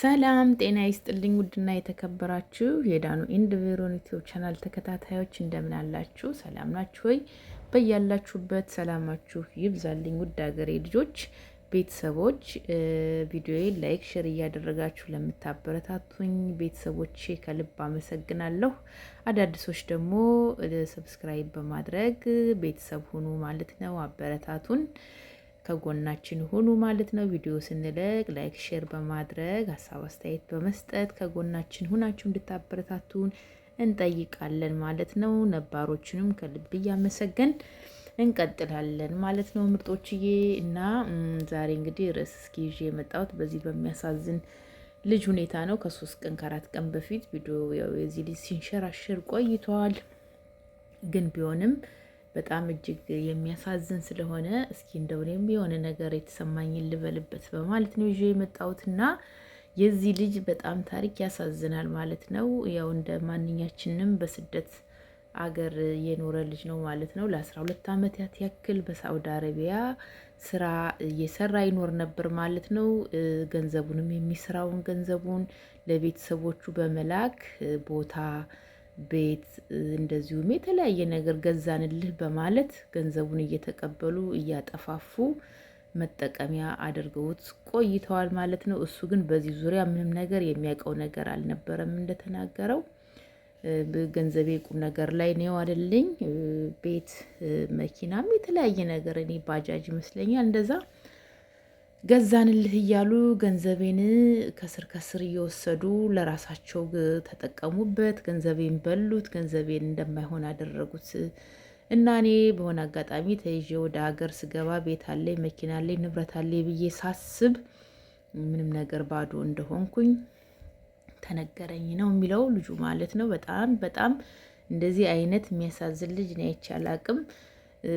ሰላም ጤና ይስጥልኝ። ውድና የተከበራችሁ የዳኑ ኢንድ ቬሮን ዩቲዩብ ቻናል ተከታታዮች እንደምን አላችሁ? ሰላም ናችሁ ወይ? በያላችሁበት ሰላማችሁ ይብዛልኝ። ውድ ሀገሬ ልጆች ቤተሰቦች፣ ቪዲዮዬ ላይክ፣ ሼር እያደረጋችሁ ለምታበረታቱኝ ቤተሰቦች ከልብ አመሰግናለሁ። አዳዲሶች ደግሞ ሰብስክራይብ በማድረግ ቤተሰብ ሁኑ ማለት ነው። አበረታቱን ከጎናችን ሁኑ ማለት ነው። ቪዲዮ ስንለቅ ላይክ፣ ሼር በማድረግ ሀሳብ አስተያየት በመስጠት ከጎናችን ሁናችሁ እንድታበረታቱን እንጠይቃለን ማለት ነው። ነባሮችንም ከልብ እያመሰገን እንቀጥላለን ማለት ነው። ምርጦችዬ እና ዛሬ እንግዲህ ርዕስ እስኪ ይዤ የመጣሁት በዚህ በሚያሳዝን ልጅ ሁኔታ ነው። ከሶስት ቀን ከአራት ቀን በፊት ቪዲዮ የዚህ ልጅ ሲንሸራሸር ቆይቷል ግን ቢሆንም በጣም እጅግ የሚያሳዝን ስለሆነ እስኪ እንደው እኔም የሆነ ነገር የተሰማኝን ልበልበት በማለት ነው ይዤ የመጣሁትና የዚህ ልጅ በጣም ታሪክ ያሳዝናል ማለት ነው። ያው እንደ ማንኛችንም በስደት አገር የኖረ ልጅ ነው ማለት ነው። ለአስራ ሁለት ዓመታት ያክል በሳውዲ አረቢያ ስራ እየሰራ ይኖር ነበር ማለት ነው። ገንዘቡንም የሚስራውን ገንዘቡን ለቤተሰቦቹ በመላክ ቦታ ቤት እንደዚሁም የተለያየ ነገር ገዛንልህ በማለት ገንዘቡን እየተቀበሉ እያጠፋፉ መጠቀሚያ አድርገውት ቆይተዋል ማለት ነው። እሱ ግን በዚህ ዙሪያ ምንም ነገር የሚያውቀው ነገር አልነበረም። እንደተናገረው ገንዘቤ ቁም ነገር ላይ ነው አደለኝ፣ ቤት፣ መኪናም የተለያየ ነገር እኔ ባጃጅ ይመስለኛል እንደዛ ገዛንልህ እያሉ ገንዘቤን ከስር ከስር እየወሰዱ ለራሳቸው ተጠቀሙበት፣ ገንዘቤን በሉት፣ ገንዘቤን እንደማይሆን አደረጉት። እና እኔ በሆነ አጋጣሚ ተይዤ ወደ ሀገር ስገባ ቤት አለኝ፣ መኪና አለኝ፣ ንብረት አለኝ ብዬ ሳስብ ምንም ነገር ባዶ እንደሆንኩኝ ተነገረኝ ነው የሚለው ልጁ ማለት ነው። በጣም በጣም እንደዚህ አይነት የሚያሳዝን ልጅ እኔ አይቼ አላቅም።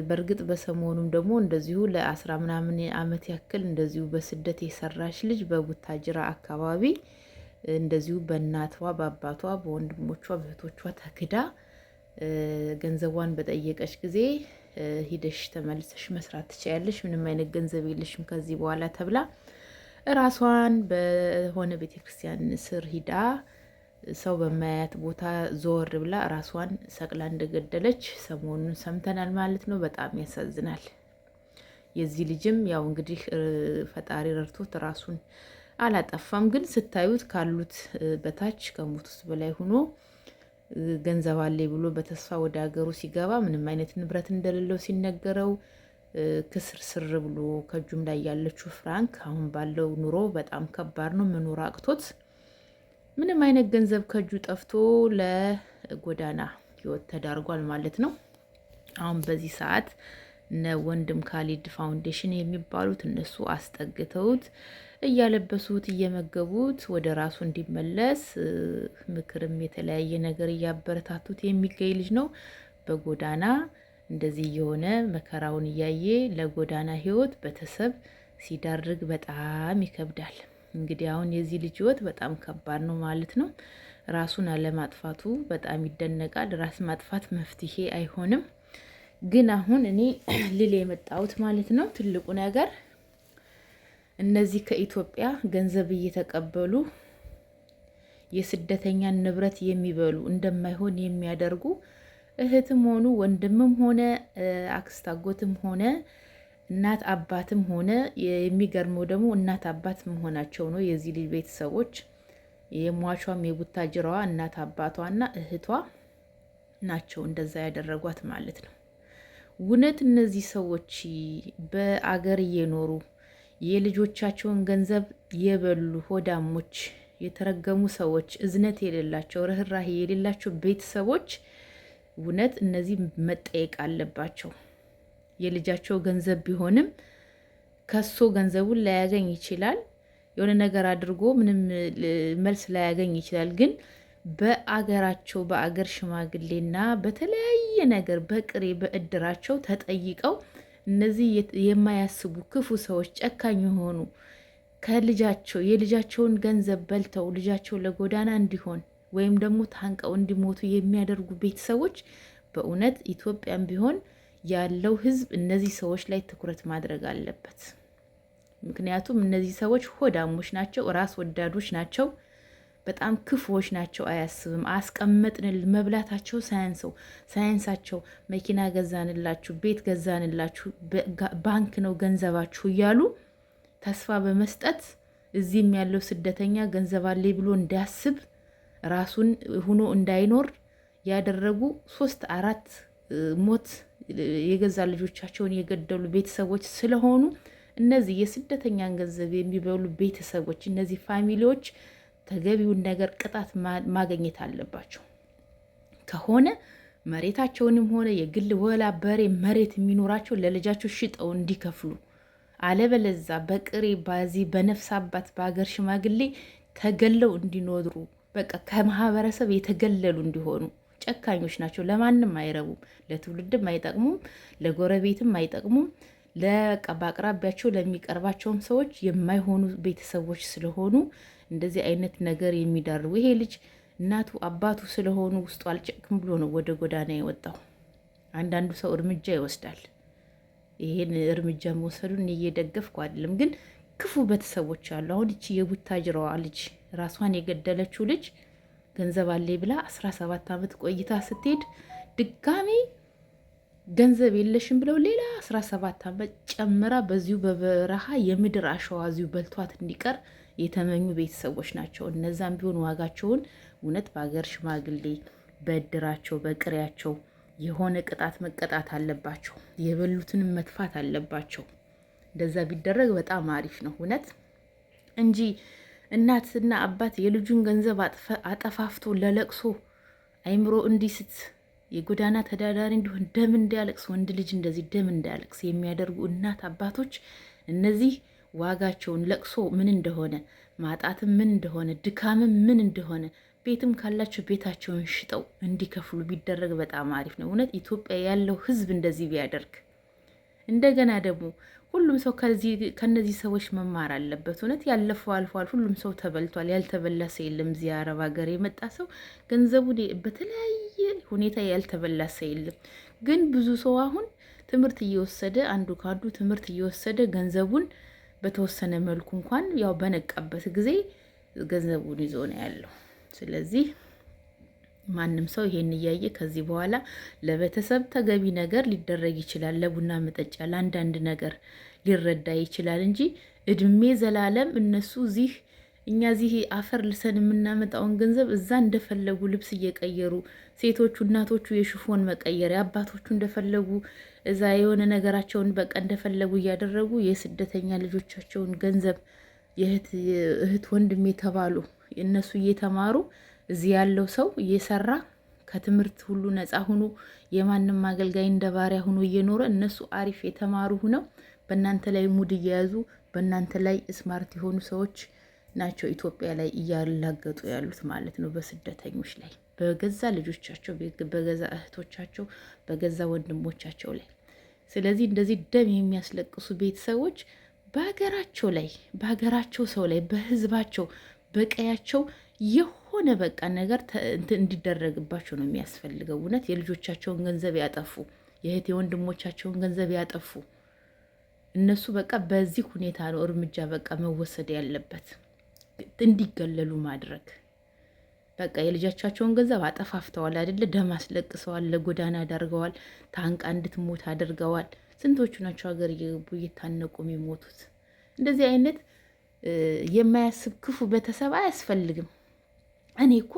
በእርግጥ በሰሞኑም ደግሞ እንደዚሁ ለአስራ ምናምን አመት ያክል እንደዚሁ በስደት የሰራች ልጅ በቡታጅራ አካባቢ እንደዚሁ በእናቷ በአባቷ በወንድሞቿ በእህቶቿ ተክዳ ገንዘቧን በጠየቀች ጊዜ ሂደሽ ተመልሰሽ መስራት ትችያለሽ፣ ምንም አይነት ገንዘብ የለሽም ከዚህ በኋላ ተብላ እራሷን በሆነ ቤተክርስቲያን ስር ሂዳ ሰው በማያያት ቦታ ዞር ብላ ራሷን ሰቅላ እንደገደለች ሰሞኑን ሰምተናል ማለት ነው። በጣም ያሳዝናል። የዚህ ልጅም ያው እንግዲህ ፈጣሪ ረድቶት ራሱን አላጠፋም፣ ግን ስታዩት ካሉት በታች ከሞት ውስጥ በላይ ሆኖ ገንዘብ አለኝ ብሎ በተስፋ ወደ ሀገሩ ሲገባ ምንም አይነት ንብረት እንደሌለው ሲነገረው ክስር ስር ብሎ ከእጁም ላይ ያለችው ፍራንክ አሁን ባለው ኑሮ በጣም ከባድ ነው። መኖር አቅቶት ምንም አይነት ገንዘብ ከእጁ ጠፍቶ ለጎዳና ህይወት ተዳርጓል ማለት ነው። አሁን በዚህ ሰዓት እነ ወንድም ካሊድ ፋውንዴሽን የሚባሉት እነሱ አስጠግተውት እያለበሱት እየመገቡት ወደ ራሱ እንዲመለስ ምክርም የተለያየ ነገር እያበረታቱት የሚገኝ ልጅ ነው። በጎዳና እንደዚህ የሆነ መከራውን እያየ ለጎዳና ህይወት ቤተሰብ ሲዳርግ በጣም ይከብዳል። እንግዲህ አሁን የዚህ ልጅ ህይወት በጣም ከባድ ነው ማለት ነው። ራሱን አለማጥፋቱ በጣም ይደነቃል። ራስ ማጥፋት መፍትሄ አይሆንም። ግን አሁን እኔ ልል የመጣሁት ማለት ነው ትልቁ ነገር እነዚህ ከኢትዮጵያ ገንዘብ እየተቀበሉ የስደተኛን ንብረት የሚበሉ እንደማይሆን የሚያደርጉ እህትም ሆኑ ወንድምም ሆነ አክስታጎትም ሆነ እናት አባትም ሆነ የሚገርመው ደግሞ እናት አባት መሆናቸው ነው። የዚህ ልጅ ቤተሰቦች የሟቿም የቡታጅራዋ እናት አባቷና እህቷ ናቸው እንደዛ ያደረጓት ማለት ነው። እውነት እነዚህ ሰዎች በአገር እየኖሩ የልጆቻቸውን ገንዘብ የበሉ ሆዳሞች፣ የተረገሙ ሰዎች፣ እዝነት የሌላቸው ርኅራሄ የሌላቸው ቤተሰቦች እውነት እነዚህ መጠየቅ አለባቸው። የልጃቸው ገንዘብ ቢሆንም ከሶ ገንዘቡን ላያገኝ ይችላል። የሆነ ነገር አድርጎ ምንም መልስ ላያገኝ ይችላል። ግን በአገራቸው በአገር ሽማግሌና በተለያየ ነገር በቅሬ በእድራቸው ተጠይቀው እነዚህ የማያስቡ ክፉ ሰዎች፣ ጨካኝ የሆኑ ከልጃቸው የልጃቸውን ገንዘብ በልተው ልጃቸው ለጎዳና እንዲሆን ወይም ደግሞ ታንቀው እንዲሞቱ የሚያደርጉ ቤተሰቦች በእውነት ኢትዮጵያም ቢሆን ያለው ህዝብ እነዚህ ሰዎች ላይ ትኩረት ማድረግ አለበት። ምክንያቱም እነዚህ ሰዎች ሆዳሞች ናቸው፣ ራስ ወዳዶች ናቸው፣ በጣም ክፉዎች ናቸው። አያስብም። አስቀመጥንል መብላታቸው ሳያንሰው ሳያንሳቸው መኪና ገዛንላችሁ፣ ቤት ገዛንላችሁ፣ ባንክ ነው ገንዘባችሁ እያሉ ተስፋ በመስጠት እዚህም ያለው ስደተኛ ገንዘብ ብሎ እንዳያስብ ራሱን ሆኖ እንዳይኖር ያደረጉ ሶስት አራት ሞት የገዛ ልጆቻቸውን የገደሉ ቤተሰቦች ስለሆኑ እነዚህ የስደተኛን ገንዘብ የሚበሉ ቤተሰቦች፣ እነዚህ ፋሚሊዎች ተገቢውን ነገር ቅጣት ማግኘት አለባቸው። ከሆነ መሬታቸውንም ሆነ የግል ወላ በሬ መሬት የሚኖራቸው ለልጃቸው ሽጠው እንዲከፍሉ፣ አለበለዛ በቅሬ በዚህ በነፍስ አባት በሀገር ሽማግሌ ተገለው እንዲኖሩ በቃ ከማህበረሰብ የተገለሉ እንዲሆኑ ጨካኞች ናቸው። ለማንም አይረቡም፣ ለትውልድም አይጠቅሙም፣ ለጎረቤትም አይጠቅሙም። በአቅራቢያቸው ለሚቀርባቸውም ሰዎች የማይሆኑ ቤተሰቦች ስለሆኑ እንደዚህ አይነት ነገር የሚዳርጉ ይሄ ልጅ እናቱ አባቱ ስለሆኑ ውስጡ አልጨክም ብሎ ነው ወደ ጎዳና የወጣው። አንዳንዱ ሰው እርምጃ ይወስዳል። ይሄን እርምጃ መውሰዱን እየደገፍኩ አይደለም፣ ግን ክፉ ቤተሰቦች አሉ። አሁን ይቺ የቡታጅራዋ ልጅ ራሷን የገደለችው ልጅ ገንዘብ አለ ብላ 17 ዓመት ቆይታ ስትሄድ ድጋሚ ገንዘብ የለሽም ብለው ሌላ 17 ዓመት ጨምራ በዚሁ በበረሃ የምድር አሸዋ እዚሁ በልቷት እንዲቀር የተመኙ ቤተሰቦች ናቸው። እነዛም ቢሆን ዋጋቸውን እውነት በሀገር ሽማግሌ በእድራቸው በቅሬያቸው የሆነ ቅጣት መቀጣት አለባቸው። የበሉትን መጥፋት አለባቸው። እንደዛ ቢደረግ በጣም አሪፍ ነው እውነት እንጂ እናትና አባት የልጁን ገንዘብ አጠፋፍቶ ለለቅሶ አይምሮ እንዲስት የጎዳና ተዳዳሪ እንዲሆን ደም እንዳያለቅስ ወንድ ልጅ እንደዚህ ደም እንዳያለቅስ የሚያደርጉ እናት አባቶች እነዚህ ዋጋቸውን ለቅሶ ምን እንደሆነ ማጣትም ምን እንደሆነ ድካምም ምን እንደሆነ ቤትም ካላቸው ቤታቸውን ሽጠው እንዲከፍሉ ቢደረግ በጣም አሪፍ ነው። እውነት ኢትዮጵያ ያለው ሕዝብ እንደዚህ ቢያደርግ እንደገና ደግሞ ሁሉም ሰው ከነዚህ ሰዎች መማር አለበት። እውነት ያለፈው አልፏል። ሁሉም ሰው ተበልቷል። ያልተበላ ሰው የለም። እዚህ አረብ ሀገር የመጣ ሰው ገንዘቡን በተለያየ ሁኔታ ያልተበላ ሰው የለም። ግን ብዙ ሰው አሁን ትምህርት እየወሰደ አንዱ ከአንዱ ትምህርት እየወሰደ ገንዘቡን በተወሰነ መልኩ እንኳን ያው በነቃበት ጊዜ ገንዘቡን ይዞ ነው ያለው። ስለዚህ ማንም ሰው ይሄን እያየ ከዚህ በኋላ ለቤተሰብ ተገቢ ነገር ሊደረግ ይችላል። ለቡና መጠጫ፣ ለአንዳንድ ነገር ሊረዳ ይችላል እንጂ እድሜ ዘላለም እነሱ እዚህ እኛ እዚህ አፈር ልሰን የምናመጣውን ገንዘብ እዛ እንደፈለጉ ልብስ እየቀየሩ ሴቶቹ እናቶቹ የሽፎን መቀየር አባቶቹ እንደፈለጉ እዛ የሆነ ነገራቸውን በቃ እንደፈለጉ እያደረጉ የስደተኛ ልጆቻቸውን ገንዘብ የእህት ወንድም የተባሉ እነሱ እየተማሩ እዚህ ያለው ሰው እየሰራ ከትምህርት ሁሉ ነፃ ሁኖ የማንም አገልጋይ እንደ ባሪያ ሁኖ እየኖረ እነሱ አሪፍ የተማሩ ሁነው በእናንተ ላይ ሙድ እየያዙ በእናንተ ላይ ስማርት የሆኑ ሰዎች ናቸው ኢትዮጵያ ላይ እያላገጡ ያሉት ማለት ነው። በስደተኞች ላይ በገዛ ልጆቻቸው፣ በገዛ እህቶቻቸው፣ በገዛ ወንድሞቻቸው ላይ ስለዚህ እንደዚህ ደም የሚያስለቅሱ ቤተሰቦች በሀገራቸው ላይ በሀገራቸው ሰው ላይ በህዝባቸው በቀያቸው የሆነ በቃ ነገር እንዲደረግባቸው ነው የሚያስፈልገው። እውነት የልጆቻቸውን ገንዘብ ያጠፉ፣ የእህት የወንድሞቻቸውን ገንዘብ ያጠፉ እነሱ በቃ በዚህ ሁኔታ ነው እርምጃ በቃ መወሰድ ያለበት፣ እንዲገለሉ ማድረግ በቃ የልጆቻቸውን ገንዘብ አጠፋፍተዋል አይደለ? ደም አስለቅሰዋል፣ ለጎዳና ዳርገዋል፣ ታንቃ እንድትሞት አድርገዋል። ስንቶቹ ናቸው ሀገር እየገቡ እየታነቁ የሚሞቱት? እንደዚህ አይነት የማያስብ ክፉ ቤተሰብ አያስፈልግም። እኔ እኮ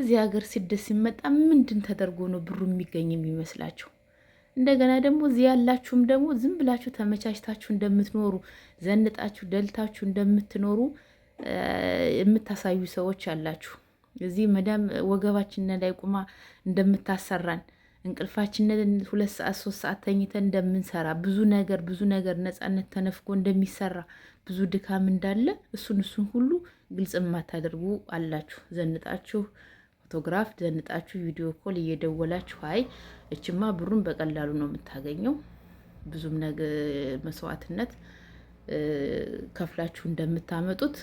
እዚህ ሀገር ስደት ሲመጣ ምንድን ተደርጎ ነው ብሩ የሚገኝ የሚመስላችሁ? እንደገና ደግሞ እዚህ ያላችሁም ደግሞ ዝም ብላችሁ ተመቻችታችሁ እንደምትኖሩ ዘንጣችሁ ደልታችሁ እንደምትኖሩ የምታሳዩ ሰዎች አላችሁ። እዚህ መዳም ወገባችን ላይ ቁማ እንደምታሰራን እንቅልፋችንን ሁለት ሰዓት ሶስት ሰዓት ተኝተን እንደምንሰራ ብዙ ነገር ብዙ ነገር ነፃነት ተነፍጎ እንደሚሰራ ብዙ ድካም እንዳለ እሱን እሱን ሁሉ ግልጽ የማታደርጉ አላችሁ። ዘንጣችሁ ፎቶግራፍ ዘንጣችሁ ቪዲዮ ኮል እየደወላችሁ አይ እችማ ብሩን በቀላሉ ነው የምታገኘው፣ ብዙም ነገ መስዋዕትነት ከፍላችሁ እንደምታመጡት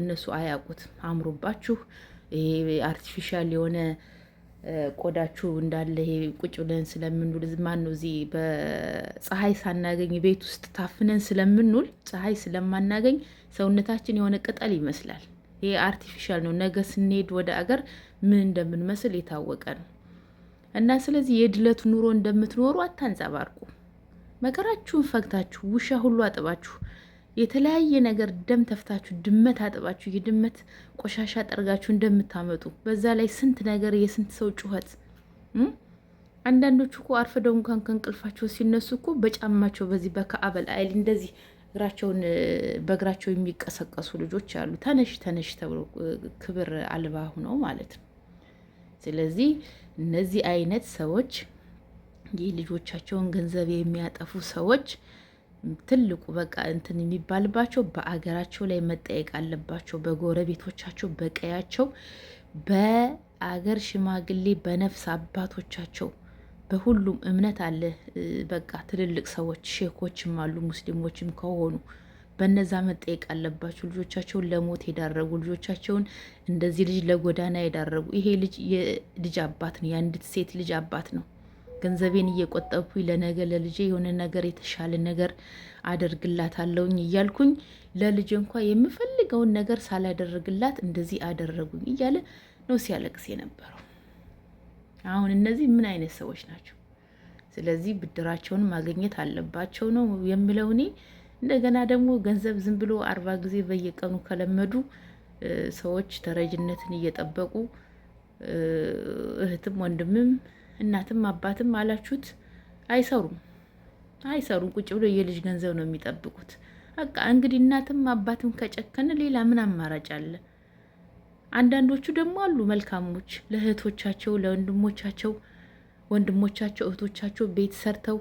እነሱ አያውቁት። አምሮባችሁ ይሄ አርቲፊሻል የሆነ ቆዳችሁ እንዳለ ይሄ ቁጭ ብለን ስለምንውል ማን ነው እዚህ በፀሐይ ሳናገኝ ቤት ውስጥ ታፍነን ስለምንውል ፀሐይ ስለማናገኝ ሰውነታችን የሆነ ቅጠል ይመስላል። ይሄ አርቲፊሻል ነው። ነገ ስንሄድ ወደ አገር ምን እንደምንመስል የታወቀ ነው እና ስለዚህ የድለት ኑሮ እንደምትኖሩ አታንጸባርቁ። መከራችሁን ፈግታችሁ ውሻ ሁሉ አጥባችሁ የተለያየ ነገር ደም ተፍታችሁ ድመት አጥባችሁ የድመት ቆሻሻ ጠርጋችሁ እንደምታመጡ በዛ ላይ ስንት ነገር የስንት ሰው ጩኸት። አንዳንዶቹ እኮ አርፍደው እንኳን ከእንቅልፋቸው ሲነሱ እኮ በጫማቸው በዚህ በከአበል አይል እንደዚህ እግራቸውን በእግራቸው የሚቀሰቀሱ ልጆች አሉ። ተነሽ ተነሽ ተብሎ ክብር አልባ ሁነው ማለት ነው። ስለዚህ እነዚህ አይነት ሰዎች የልጆቻቸውን ገንዘብ የሚያጠፉ ሰዎች ትልቁ በቃ እንትን የሚባልባቸው በአገራቸው ላይ መጠየቅ አለባቸው። በጎረቤቶቻቸው፣ በቀያቸው፣ በአገር ሽማግሌ፣ በነፍስ አባቶቻቸው በሁሉም እምነት አለ። በቃ ትልልቅ ሰዎች ሼኮችም አሉ ሙስሊሞችም ከሆኑ በነዛ መጠየቅ አለባቸው። ልጆቻቸውን ለሞት የዳረጉ ልጆቻቸውን እንደዚህ ልጅ ለጎዳና የዳረጉ ይሄ ልጅ የልጅ አባት ነው፣ የአንዲት ሴት ልጅ አባት ነው። ገንዘቤን እየቆጠብኩኝ ለነገ ለልጄ የሆነ ነገር የተሻለ ነገር አደርግላታለሁኝ እያልኩኝ ለልጄ እንኳ የምፈልገውን ነገር ሳላደረግላት እንደዚህ አደረጉኝ እያለ ነው ሲያለቅስ የነበረው። አሁን እነዚህ ምን አይነት ሰዎች ናቸው? ስለዚህ ብድራቸውን ማግኘት አለባቸው ነው የምለው እኔ። እንደገና ደግሞ ገንዘብ ዝም ብሎ አርባ ጊዜ በየቀኑ ከለመዱ ሰዎች ተረጅነትን እየጠበቁ እህትም ወንድምም እናትም አባትም አላችሁት አይሰሩም አይሰሩም። ቁጭ ብሎ የልጅ ገንዘብ ነው የሚጠብቁት። በቃ እንግዲህ እናትም አባትም ከጨከነ ሌላ ምን አማራጭ አለ? አንዳንዶቹ ደግሞ አሉ መልካሞች፣ ለእህቶቻቸው ለወንድሞቻቸው ወንድሞቻቸው እህቶቻቸው ቤት ሰርተው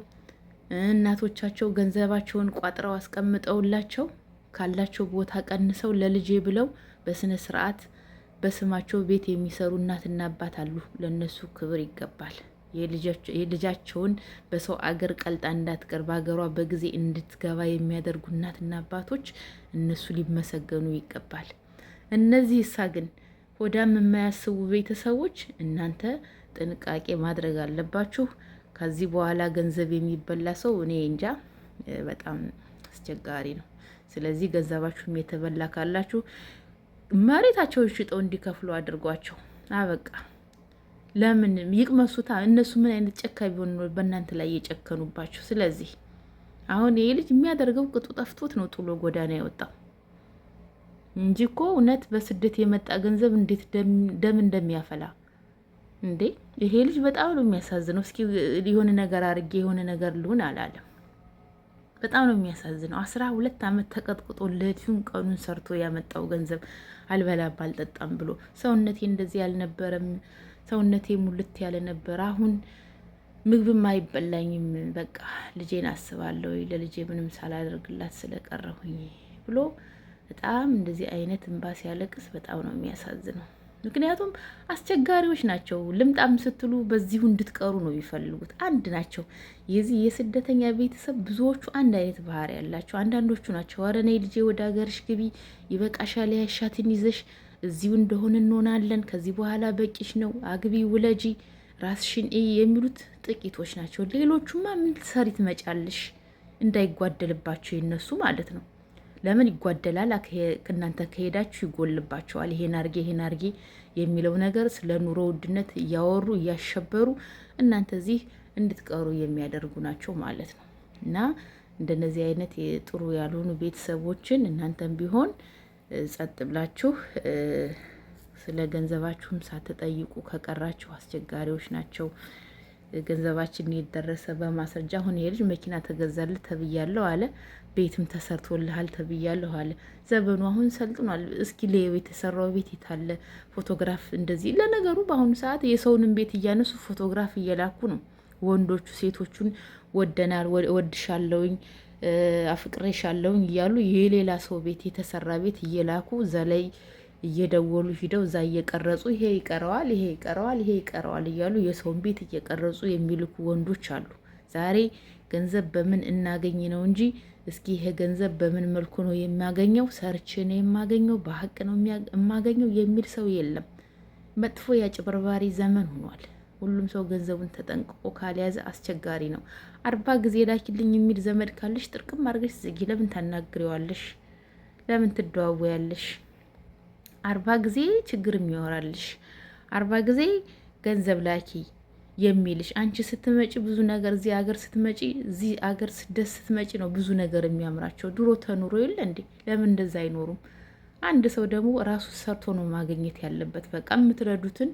እናቶቻቸው ገንዘባቸውን ቋጥረው አስቀምጠውላቸው ካላቸው ቦታ ቀንሰው ለልጄ ብለው በስነ ስርዓት በስማቸው ቤት የሚሰሩ እናትና አባት አሉ። ለእነሱ ክብር ይገባል። የልጃቸውን በሰው አገር ቀልጣ እንዳትቀር በሀገሯ በጊዜ እንድትገባ የሚያደርጉ እናትና አባቶች እነሱ ሊመሰገኑ ይገባል። እነዚህ እሳ ግን ሆዳም የማያስቡ ቤተሰቦች እናንተ ጥንቃቄ ማድረግ አለባችሁ። ከዚህ በኋላ ገንዘብ የሚበላ ሰው እኔ እንጃ በጣም አስቸጋሪ ነው። ስለዚህ ገንዘባችሁም የተበላ ካላችሁ መሬታቸውን ሽጠው እንዲከፍሉ አድርጓቸው። አበቃ። ለምን ይቅመሱታ? እነሱ ምን አይነት ጨካ ቢሆን በእናንተ ላይ እየጨከኑባቸው? ስለዚህ አሁን ይህ ልጅ የሚያደርገው ቅጡ ጠፍቶት ነው ጥሎ ጎዳና የወጣው እንጂ እኮ እውነት በስደት የመጣ ገንዘብ እንዴት ደም እንደሚያፈላ እንዴ! ይሄ ልጅ በጣም ነው የሚያሳዝነው። እስኪ የሆነ ነገር አድርጌ የሆነ ነገር ልሁን አላለም። በጣም ነው የሚያሳዝነው። አስራ ሁለት ዓመት ተቀጥቅጦ ለፊውን ቀኑን ሰርቶ ያመጣው ገንዘብ አልበላ አልጠጣም ብሎ ሰውነቴ እንደዚህ ያልነበረም ሰውነቴ ሙልት ያለ ነበር። አሁን ምግብም አይበላኝም። በቃ ልጄን አስባለሁ ለልጄ ምንም ሳላደርግላት ስለቀረሁኝ ብሎ በጣም እንደዚህ አይነት እንባ ሲያለቅስ በጣም ነው የሚያሳዝነው። ምክንያቱም አስቸጋሪዎች ናቸው። ልምጣም ስትሉ በዚሁ እንድትቀሩ ነው የሚፈልጉት። አንድ ናቸው። የዚህ የስደተኛ ቤተሰብ ብዙዎቹ አንድ አይነት ባህሪ ያላቸው አንዳንዶቹ ናቸው። ኧረ ነይ ልጄ ወደ ሀገርሽ ግቢ፣ ይበቃሻል፣ ያሻትን ይዘሽ እዚሁ እንደሆነ እንሆናለን፣ ከዚህ በኋላ በቂሽ ነው፣ አግቢ፣ ውለጂ፣ ራስሽን የሚሉት ጥቂቶች ናቸው። ሌሎቹማ ምን ሰሪት መጫለሽ እንዳይጓደልባቸው የነሱ ማለት ነው። ለምን ይጓደላል? እናንተ ከሄዳችሁ ይጎልባቸዋል። ይሄን አርጌ ይሄን አርጌ የሚለው ነገር ስለ ኑሮ ውድነት እያወሩ እያሸበሩ እናንተ እዚህ እንድትቀሩ የሚያደርጉ ናቸው ማለት ነው። እና እንደነዚህ አይነት የጥሩ ያልሆኑ ቤተሰቦችን እናንተም ቢሆን ጸጥ ብላችሁ ስለ ገንዘባችሁም ሳትጠይቁ ከቀራችሁ አስቸጋሪዎች ናቸው። ገንዘባችን የደረሰ በማስረጃ አሁን ልጅ መኪና ተገዛል ተብያለሁ አለ ቤትም ተሰርቶልሃል ተብያለሁ አለ። ዘመኑ አሁን ሰልጥኗል። እስኪ ለየው የተሰራው ቤት የታለ? ፎቶግራፍ እንደዚህ ለነገሩ በአሁኑ ሰዓት የሰውንም ቤት እያነሱ ፎቶግራፍ እየላኩ ነው ወንዶቹ ሴቶቹን ወደናል፣ ወድሻለውኝ፣ አፍቅሬሻለውኝ እያሉ የሌላ ሰው ቤት የተሰራ ቤት እየላኩ ዘላይ እየደወሉ ሂደው እዛ እየቀረጹ ይሄ ይቀረዋል፣ ይሄ ይቀረዋል፣ ይሄ ይቀረዋል እያሉ የሰውን ቤት እየቀረጹ የሚልኩ ወንዶች አሉ ዛሬ ገንዘብ በምን እናገኝ ነው እንጂ እስኪ ይሄ ገንዘብ በምን መልኩ ነው የሚያገኘው፣ ሰርች ነው የማገኘው፣ በሀቅ ነው የማገኘው የሚል ሰው የለም። መጥፎ የአጭበርባሪ ዘመን ሆኗል። ሁሉም ሰው ገንዘቡን ተጠንቅቆ ካልያዘ አስቸጋሪ ነው። አርባ ጊዜ ላኪልኝ የሚል ዘመድ ካለሽ ጥርቅም አድርገሽ ዝጊ። ለምን ታናግሪዋለሽ? ለምን ትደዋወያለሽ? አርባ ጊዜ ችግር የሚወራልሽ አርባ ጊዜ ገንዘብ ላኪ የሚልሽ አንቺ ስትመጪ ብዙ ነገር እዚህ አገር ስትመጪ እዚህ አገር ስደት ስትመጪ ነው ብዙ ነገር የሚያምራቸው። ድሮ ተኑሮ የለ እንዴ? ለምን እንደዛ አይኖሩም? አንድ ሰው ደግሞ ራሱ ሰርቶ ነው ማግኘት ያለበት። በቃ የምትረዱትን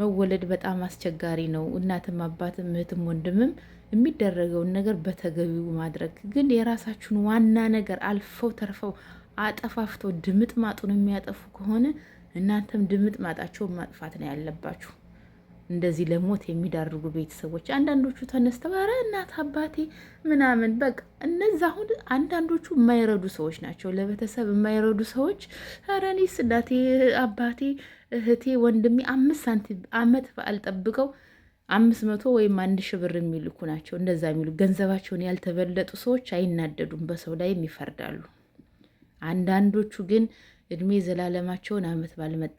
መወለድ በጣም አስቸጋሪ ነው። እናትም አባትም እህትም ወንድምም የሚደረገውን ነገር በተገቢው ማድረግ ግን የራሳችሁን ዋና ነገር አልፈው ተርፈው አጠፋፍተው ድምጥ ማጡን የሚያጠፉ ከሆነ እናንተም ድምጥ ማጣቸውን ማጥፋት ነው ያለባችሁ። እንደዚህ ለሞት የሚዳርጉ ቤተሰቦች አንዳንዶቹ ተነስተው ኧረ እናት አባቴ ምናምን በቃ እነዚ አሁን አንዳንዶቹ የማይረዱ ሰዎች ናቸው። ለቤተሰብ የማይረዱ ሰዎች ኧረ እኔስ እናቴ አባቴ እህቴ ወንድሜ አምስት ሳንቲም አመት በዓል ጠብቀው አምስት መቶ ወይም አንድ ሺህ ብር የሚልኩ ናቸው። እንደዛ የሚሉ ገንዘባቸውን ያልተበለጡ ሰዎች አይናደዱም፣ በሰው ላይ ይፈርዳሉ። አንዳንዶቹ ግን እድሜ ዘላለማቸውን አመት ባልመጣ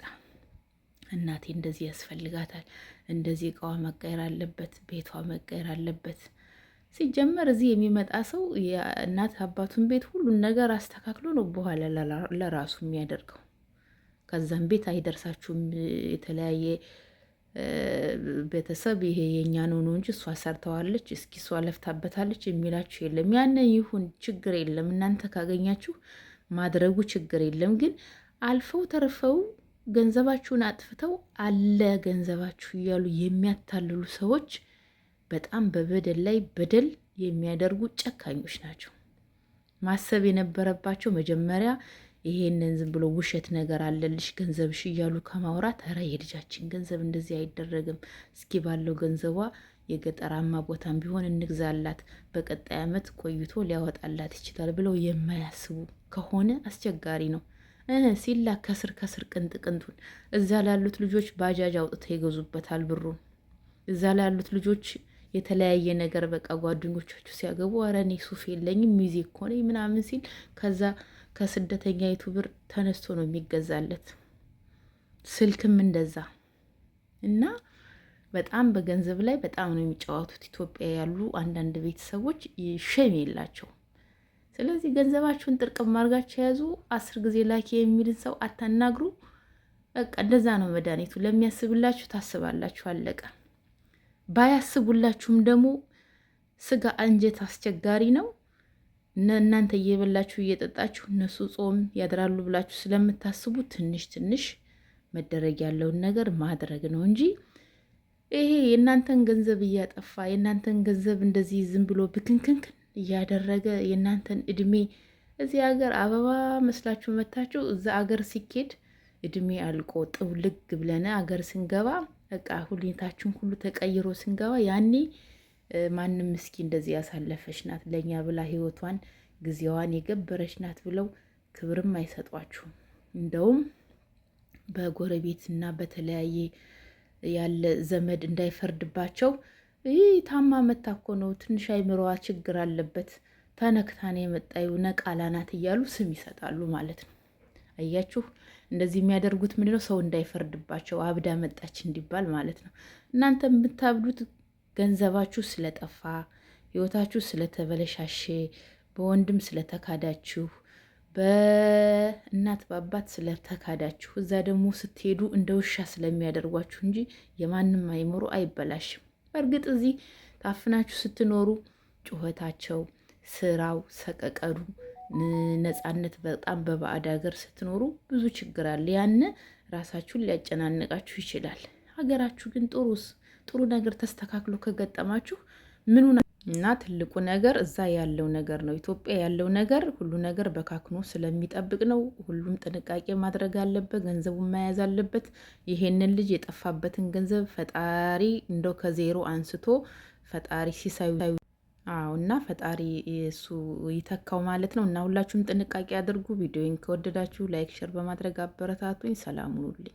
እናቴ እንደዚህ ያስፈልጋታል፣ እንደዚህ እቃዋ መቀየር አለበት፣ ቤቷ መቀየር አለበት። ሲጀመር እዚህ የሚመጣ ሰው የእናት አባቱን ቤት ሁሉን ነገር አስተካክሎ ነው በኋላ ለራሱ የሚያደርገው። ከዛም ቤት አይደርሳችሁም። የተለያየ ቤተሰብ ይሄ የእኛ ነው ነው እንጂ እሷ ሰርተዋለች፣ እስኪ እሷ ለፍታበታለች የሚላችሁ የለም። ያንን ይሁን ችግር የለም። እናንተ ካገኛችሁ ማድረጉ ችግር የለም። ግን አልፈው ተርፈው ገንዘባችሁን አጥፍተው አለ ገንዘባችሁ እያሉ የሚያታልሉ ሰዎች በጣም በበደል ላይ በደል የሚያደርጉ ጨካኞች ናቸው። ማሰብ የነበረባቸው መጀመሪያ ይሄንን ዝም ብሎ ውሸት ነገር አለልሽ ገንዘብሽ እያሉ ከማውራት ኧረ የልጃችን ገንዘብ እንደዚህ አይደረግም፣ እስኪ ባለው ገንዘቧ የገጠራማ ቦታም ቢሆን እንግዛላት፣ በቀጣይ ዓመት ቆይቶ ሊያወጣላት ይችላል ብለው የማያስቡ ከሆነ አስቸጋሪ ነው። ሲላ ከስር ከስር ቅንጥ ቅንጡን እዛ ላሉት ልጆች ባጃጅ አውጥተው ይገዙበታል ብሩን። እዛ ላሉት ልጆች የተለያየ ነገር በቃ ጓደኞቻቸው ሲያገቡ ኧረ እኔ ሱፍ የለኝም ሚዜ እኮ ነኝ ምናምን ሲል ከዛ ከስደተኛይቱ ብር ተነስቶ ነው የሚገዛለት። ስልክም እንደዛ እና በጣም በገንዘብ ላይ በጣም ነው የሚጫወቱት። ኢትዮጵያ ያሉ አንዳንድ ቤተሰቦች ሸም የላቸው ስለዚህ ገንዘባችሁን ጥርቅም ማርጋቸው የያዙ አስር ጊዜ ላኪ የሚልን ሰው አታናግሩ። በቃ እንደዛ ነው መድኃኒቱ። ለሚያስብላችሁ ታስባላችሁ፣ አለቀ። ባያስቡላችሁም ደግሞ ስጋ አንጀት አስቸጋሪ ነው። እናንተ እየበላችሁ እየጠጣችሁ እነሱ ጾም ያድራሉ ብላችሁ ስለምታስቡ ትንሽ ትንሽ መደረግ ያለውን ነገር ማድረግ ነው እንጂ ይሄ የእናንተን ገንዘብ እያጠፋ የእናንተን ገንዘብ እንደዚህ ዝም ብሎ ብክንክንክን እያደረገ የእናንተን እድሜ እዚህ ሀገር አበባ መስላችሁ መታችሁ እዛ አገር ሲኬድ እድሜ አልቆ ጥውልግ ብለን አገር ስንገባ በቃ ሁኔታችን ሁሉ ተቀይሮ ስንገባ ያኔ ማንም እስኪ እንደዚህ ያሳለፈች ናት ለእኛ ብላ ህይወቷን ጊዜዋን የገበረች ናት ብለው ክብርም አይሰጧችሁም። እንደውም በጎረቤትና በተለያየ ያለ ዘመድ እንዳይፈርድባቸው ይህ ታማ መታ እኮ ነው፣ ትንሽ አይምሮዋ ችግር አለበት፣ ተነክታኔ የመጣዩ ነቃላናት እያሉ ስም ይሰጣሉ ማለት ነው። አያችሁ፣ እንደዚህ የሚያደርጉት ምንድነው? ሰው እንዳይፈርድባቸው አብዳ መጣች እንዲባል ማለት ነው። እናንተ የምታብዱት ገንዘባችሁ ስለጠፋ፣ ህይወታችሁ ስለተበለሻሼ፣ በወንድም ስለተካዳችሁ፣ በእናት በአባት ስለተካዳችሁ፣ እዛ ደግሞ ስትሄዱ እንደ ውሻ ስለሚያደርጓችሁ እንጂ የማንም አይምሮ አይበላሽም። በእርግጥ እዚህ ታፍናችሁ ስትኖሩ ጩኸታቸው፣ ስራው፣ ሰቀቀዱ ነጻነት በጣም በባዕድ ሀገር ስትኖሩ ብዙ ችግር አለ። ያን ራሳችሁን ሊያጨናንቃችሁ ይችላል። ሀገራችሁ ግን ጥሩ ጥሩ ነገር ተስተካክሎ ከገጠማችሁ ምኑ እና ትልቁ ነገር እዛ ያለው ነገር ነው። ኢትዮጵያ ያለው ነገር ሁሉ ነገር በካክኖ ስለሚጠብቅ ነው። ሁሉም ጥንቃቄ ማድረግ አለበት፣ ገንዘቡን መያዝ አለበት። ይሄንን ልጅ የጠፋበትን ገንዘብ ፈጣሪ እንደው ከዜሮ አንስቶ ፈጣሪ ሲሳዩ አዎ እና ፈጣሪ እሱ ይተካው ማለት ነው። እና ሁላችሁም ጥንቃቄ አድርጉ። ቪዲዮን ከወደዳችሁ ላይክ፣ ሸር በማድረግ አበረታቱኝ። ሰላም ሁኑልኝ።